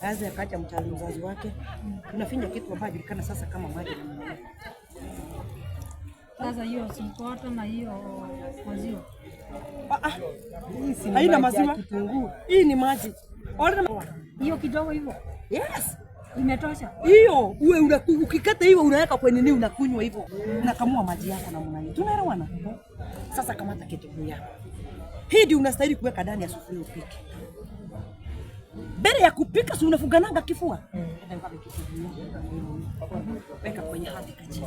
Aza akaacha mtaalamu mzazi wake, tunafinya kitu ambacho hajulikana sasa kama maji. Sasa hiyo simpoto na hiyo maziwa ah, ah. haina maziwa, hii ni maji hiyo kidogo hivyo. Yes, imetosha hiyo. Uwe ukikata hiyo unaweka kwenye nini, unakunywa hivyo, unakamua maji yako na mnani. Tunaelewana? Sasa kamata kitu yako ndio unastahili kuweka ndani ya sufuria upike. Bele ya kupika, si unafungananga kifua weka kwenye hadi kachi,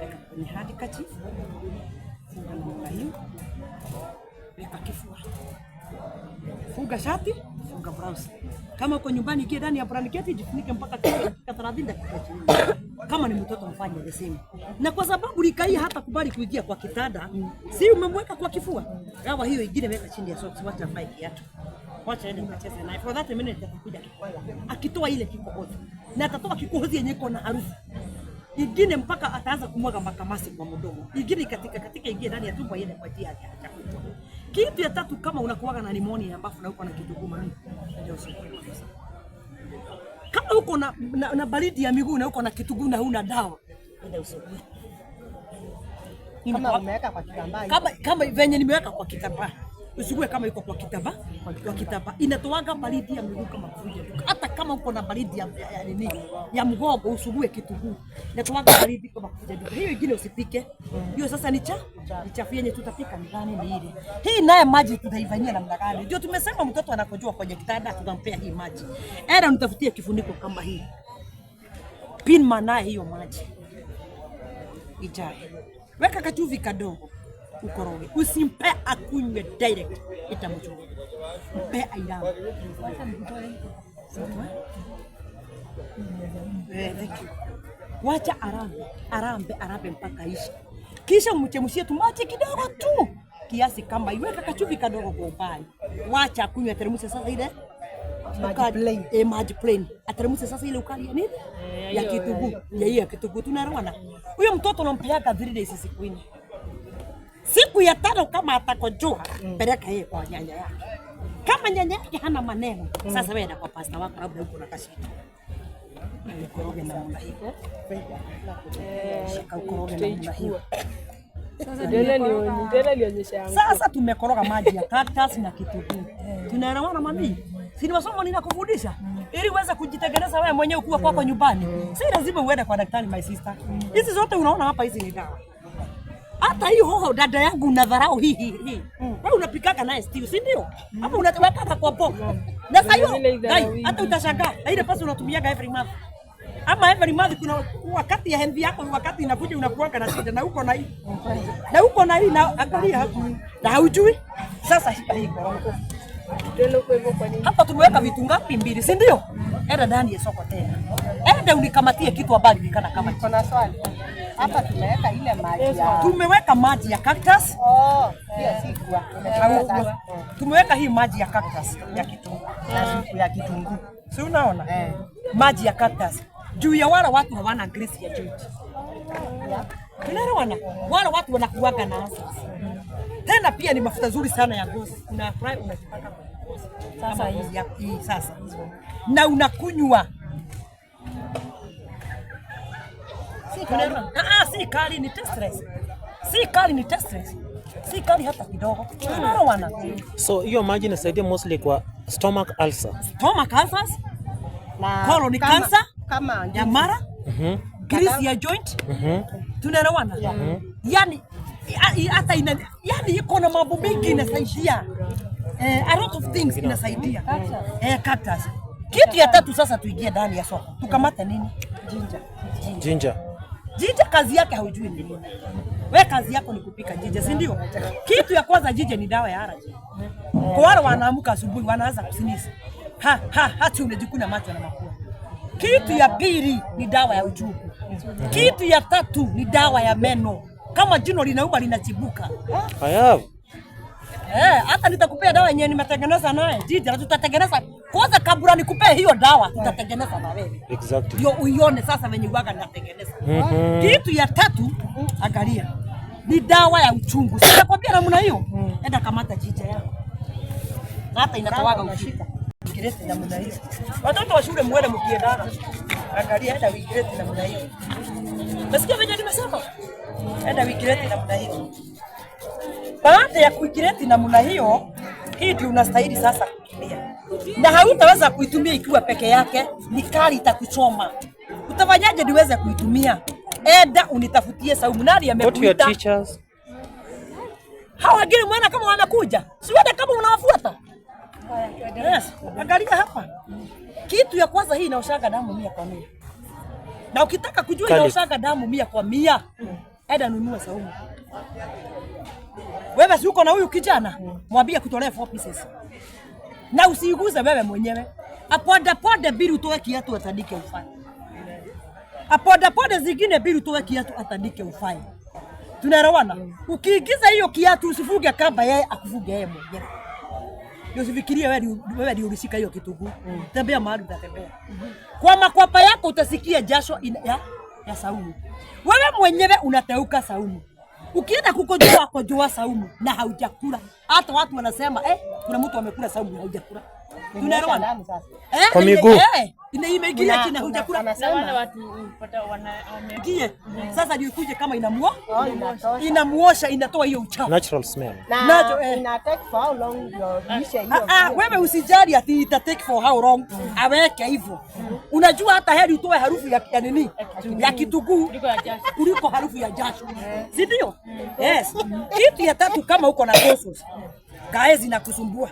weka kwenye hadi kachi, funga na namna hiyo, weka kifua, funga shati, funga blouse. Kama uko nyumbani, kia ndani ya blanketi, jifunike mpaka dakika 30 dakika 20. Kama ni mtoto mfanye the same, na kwa sababu likai hata kubali kuingia kwa kitanda, si umemweka kwa kifua Gawa hiyo ingine weka chini ya socks, wacha vae kiatu. Wacha ende mkacheze naye. For that minute atakuja kikwaya. Akitoa ile kikohozi. Na atatoa kikohozi yenye iko na harufu. Ingine mpaka ataanza kumwaga makamasi kwa mdomo. Ingine katika katika ingine ndani ya tumbo yende kwa njia ya chakula. Kitu ya tatu kama unakuwaga na pneumonia ambapo na uko na kituguma mimi. Kama uko na, na, na baridi ya miguu na uko na kituguu na huna dawa. Ndio usikue kama umeweka kwa kitambaa, kama kama venye nimeweka kwa kitambaa usikue kama iko kwa kitaba kwa kitaba, inatoanga baridi ya mguu kama kuja. Hata kama uko na baridi ya nini ya mgongo, usugue huu, inatoanga baridi kama kuja. Hiyo ingine usipike hiyo. Sasa ni cha ni cha yenye tutapika ni gani? Ni ile hii naye maji tutaifanyia namna gani? Ndio tumesema mtoto anapojua kwenye kitanda tunampea hii maji, era nitafutia kifuniko kama hii, pin manaye hiyo maji ijae weka kachuvi kadogo ukoroge, usimpe akunywe direct, itamchoma. Mpe airabu wacha arambe arambe arambe mpaka ishe, kisha mchemshie tumache kidogo tu kiasi kama iweka kachuvi kadogo kwa umbali, wacha akunywe teremshe sasa ile maji plain eh, ateremsha sasa ile ukali ya nini ya eh, kitunguu ya hiyo kitunguu eh, tunarwana. Huyo mtoto unampiaka 3 days siku ini, siku ya tano kama atakojua mm. peleka yeye kwa nyanya yake. Kama nyanya yake hana maneno, sasa wewe na kwa pasta wako, labda huko na kashika ukoroge na mla hiyo, shika ukoroge na mla hiyo. Sasa tumekoroga maji ya cactus na kitunguu, tunaelewana mami Si ni masomo ninakufundisha mm. ili uweze kujitengeneza wewe mwenyewe kuwa kwako mm. nyumbani. Mm. Si lazima uende kwa daktari my sister. Hizi zote unaona hapa hizi ni dawa. Hata hiyo hoho dada yangu unadharau hii hii hii. Wewe unapikaka naye stew, si ndio? Hapo unatoweka kwa pop. Na sasa hiyo dai hata utashangaa. Na ile pesa unatumiaga every month. Ama every month kuna wakati ya hendi yako wakati inakuja unakuanga na shida na huko na hii. Na huko na hii na angalia hapo. Na hujui. Sasa hii hii. Hapa tumeweka vitu ngapi? Mbili, si ndio? Enda ndani ya soko tena, enda unikamatie kitu ambacho nikana kama hicho. Kuna swali hapa, tumeweka ile maji ya tumeweka maji ya cactus. Oh, tumeweka hii maji ya cactus ya kitunguu ya kitunguu, si unaona eh. maji ya cactus juu ya wala watu hawana grace ya juu. Oh, Unaelewana? Wala watu wanakuaga na asasi tena pia ni mafuta nzuri sana ya ngozi. gozi, unafurahi unajipaka sasa hii sasa, na unakunywa si kali. Ah, si kali ni test stress, si kali ni test stress, si kali hata kidogo. Hmm. Wana so hiyo maji inasaidia mostly kwa stomach ulcer, stomach ulcers na colon cancer kama ya mara, mhm, Mm grease ya joint, mhm, Mm tunaelewana, mhm. yani hata ina yani iko na mambo mengi inasaidia, eh, a lot of things inasaidia eh, cactus. Kitu ya tatu sasa, tuingie ndani ya soko tukamata nini? Jinja, jinja, jinja. Kazi yake haujui nini we, kazi yako ni kupika jinja, si ndio? Kitu ya kwanza, jinja ni dawa ya haraji kwa wale wanaamka asubuhi wanaanza kusinisa, ha ha, hata unajikuna macho na makua. Kitu ya pili ni dawa ya uchungu. Kitu ya tatu ni dawa ya meno kama jino linauma linachibuka. Hayabu. Eh, hata nitakupea dawa yenyewe nimetengeneza naye. Jiji na tutatengeneza. Kwanza kabla nikupe hiyo dawa tutatengeneza na wewe. Exactly. Yo uione sasa venye waga natengeneza. Mm -hmm. Kitu ya tatu angalia. Ni dawa ya uchungu. Sasa kwambia namna hiyo. Mm. Enda kamata jiji yako. Hata inatawaga ushika. Kiresi muda hiyo. Watoto wa shule mwele mkiendana. Angalia hata wikiresi muda hiyo. Nasikia venye nimesema enda uigireti namna hiyo. Baada ya kuigireti namna hiyo, hii ndio unastahili sasa kutumia, na hautaweza kuitumia ikiwa peke yake, nikali itakuchoma. Utafanyaje niweze kuitumia? Enda unitafutie saumu. Nani amekuita? Hawa wengine mwana kama wamekuja, si hata kama unawafuata. Yes, angalia hapa. Kitu ya kwanza hii inaoshaga damu mia kwa mia, na ukitaka kujua inaoshaga damu mia kwa mia eda nunua saumu. Wewe si uko na huyu kijana, mwambie kutolea four pieces na usiguze wewe mwenyewe. Apoda poda bili utoe kiatu atandike ufai. Apoda poda zingine bili utoe kiatu atandike ufai. Tunaelewana? Ukiingiza hiyo kiatu usifuge kamba, yeye akufuge yeye mwenyewe. Ndio Usifikirie wewe wewe ndio ulishika hiyo kitugu. Tembea mahali utatembea. Kwa makwapa yako utasikia jasho ya ya Saumu. Wewe mwenyewe unateuka Saumu, ukienda kukojoa kojoa Saumu na haujakula. Hata watu wanasema eh, kuna mtu amekula Saumu na haujakula. Tunaelewana eh, kwa miguu eh, sasa, kama inamuo oh, inamuosha, inatoa hiyo uchafu, natural smell na eh. ina take for how long your ah, hiyo. Ah, wewe usijali ati ita take for how long, mm. aweke hivyo Unajua hata heri utoe harufu ya, ya nini ya kitunguu kuliko harufu ya jasho, eh. si ndio? Yes. Kitu ya tatu, kama uko na gosos gae zinakusumbua,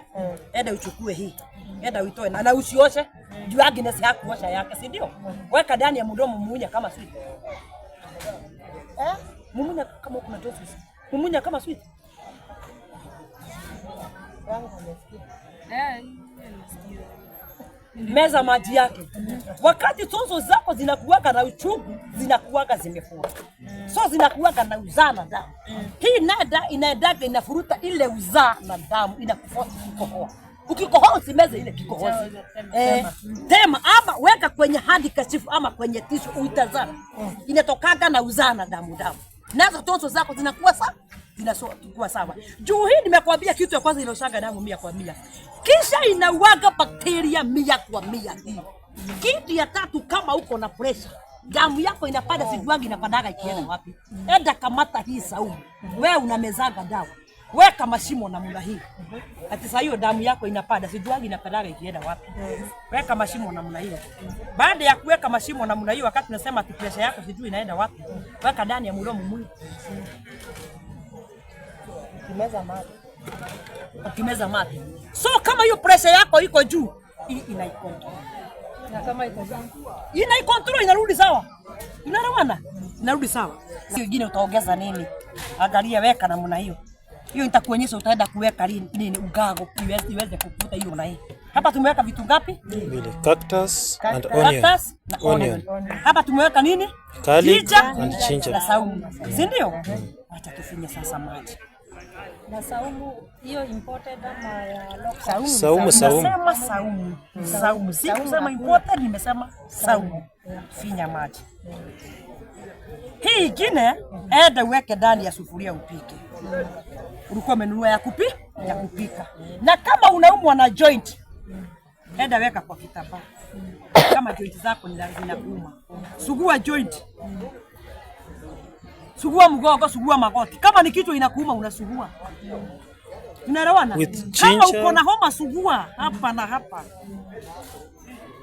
enda eh. uchukue hii, enda uitoe na usioshe juu yake ni sasa kuosha yake, si ndio? Weka ndani ya mdomo, muunya kama sweet eh, mumunya kama uko na gosos, mumunya kama sweet. Eh? meza maji yake. Wakati tozo zako zinakuwaka na uchungu, zinakuwaka zimefura, so zinakuaga na uzaa na damu. Hii nada inaendaga inafuruta ile uzaa na damu, inakufosi kukohoa. Ukikohoa usimeze ile kikohozi eh, tema ama weka kwenye handkerchief ama kwenye tishu uitazame, inatokaga na uzaa na damu damu, nazo tonzo zako zinakuwa sawa, zinakuwa sawa. Juu hii nimekwambia kitu ya kwanza inaoshaga damu mia kwa mia kisha inauaga bakteria mia kwa mia. Kitu ya tatu, kama uko na presha damu yako inapanda, sijuangi inapandaga ikienda wapi. Enda kamata hii saumu, we unamezaga dawa, weka mashimo namna hii. Ati saa hiyo damu yako inapanda, sijuangi inapandaga ikienda wapi. Weka mashimo namna hiyo. Baada ya kuweka mashimo namna hiyo, wakati unasema ati presha yako sijui inaenda wapi, weka ndani ya mdomo mwili, kimeza maji ukimeza mate. So kama hiyo pressure yako iko juu, inaikontrol na kama iko juu inaikontrol, inarudi sawa, inarawana inarudi sawa. Nyingine utaongeza nini? Angalia, weka namna hiyo hiyo, nitakuonyesha utaenda kuweka nini ugago iweze kukuta hiyo na hii hapa tumeweka vitu ngapi? Mbili. Cactus and onion. Cactus na onion. Hapa tumeweka nini? Garlic and ginger. Na saumu. Si ndio? Mm. Acha tufinye sasa maji na saumu hiyo imported ama ya local? Saumu, saumu. Nasema saumu. Saumu. Sikusema imported, nimesema saumu. Finya maji. Hii ingine ende uweke ndani ya sufuria upike. Ulikuwa umenunua ya kupi ya kupika. Na kama unaumwa na joint, enda weka kwa kitambaa. Kama joint zako zinakuuma, sugua joint sugua mgongo, sugua magoti. Kama ni kichwa inakuuma unasugua. Unaelewana? Kama uko na homa sugua hapa na hapa.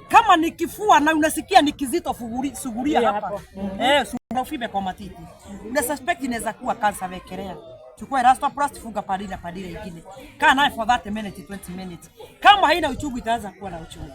Kama ni kifua na unasikia ni kizito sugulia yeah, hapa. Mm -hmm. Eh, sugua fibe kwa matiti. Una suspect inaweza kuwa kansa vekelea. Chukua Elastoplast funga padile padile ingine. Kaa naye for that minute 20 minutes. Kama haina uchungu itaanza kuwa na uchungu.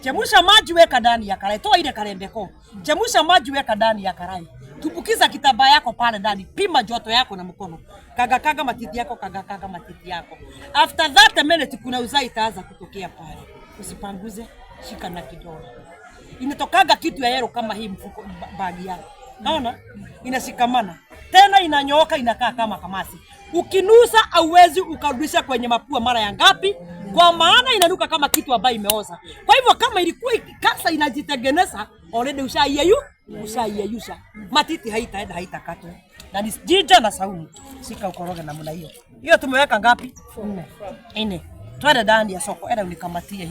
Chemusha maji weka ndani ya karai. Toa ile karembeko. Chemusha maji weka ndani ya karai. Tumbukiza kitambaa yako pale ndani, pima joto yako na mkono, kagakaga matiti yako, kagakaga matiti yako. After that minute kuna uzai itaanza kutokea pale, usipanguze, shika na kidole. Inatokaga kitu ya yero kama hii mfuko bagi yako, naona inashikamana tena, inanyooka, inakaa kama kamasi. Ukinusa auwezi ukarudisha kwenye mapua. Mara ya ngapi? kwa maana inanuka kama kitu ambayo imeoza. Kwa hivyo kama ilikuwa kansa inajitengeneza already, ushaiyeyu ushaiyeyusha, matiti haitaenda haitakatwa, na ni jinja na saumu. Shika ukoroge namna hiyo hiyo. Tumeweka ngapi? Nne. Nne. Twende ndani ya soko, enda unikamatie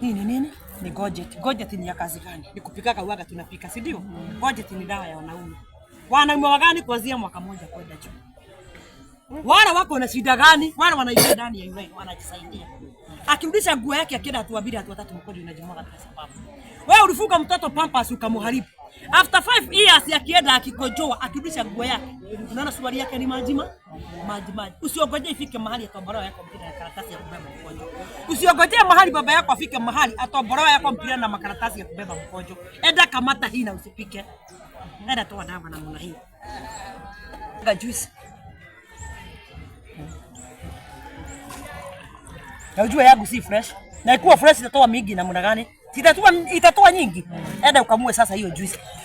hii ni nini ni gojet. Gojet ni ya kazi gani? Ni kupika kawaga tunapika, si ndio? Gojeti ni dawa ya wanaume. Wanaume wagani kuanzia mwaka moja kwenda juu Wala wako na shida gani? Wala wanaisha ndani ya yule wanajisaidia. Akirudisha nguo yake akienda hatua mbili hatua tatu mkojo unajimwaga kwa sababu. Wewe ulifuka mtoto pampers ukamharibu. After five years akienda akikojoa akirudisha nguo yake. Unaona suruali yake ni majima? Majima. Usiogojee ifike mahali atoboroa yako mpira na karatasi ya kubeba mkojo. Usiogojee mahali baba yako afike mahali atoboroa yako mpira na makaratasi ya kubeba mkojo. Enda kamata hii na usipike. Enda toa dawa na mwana hii. Juice. na ujue yangu si fresh, na ikuwa fresh itatoa migi namna gani? Itatoa, itatoa nyingi. Enda ukamue sasa hiyo juice.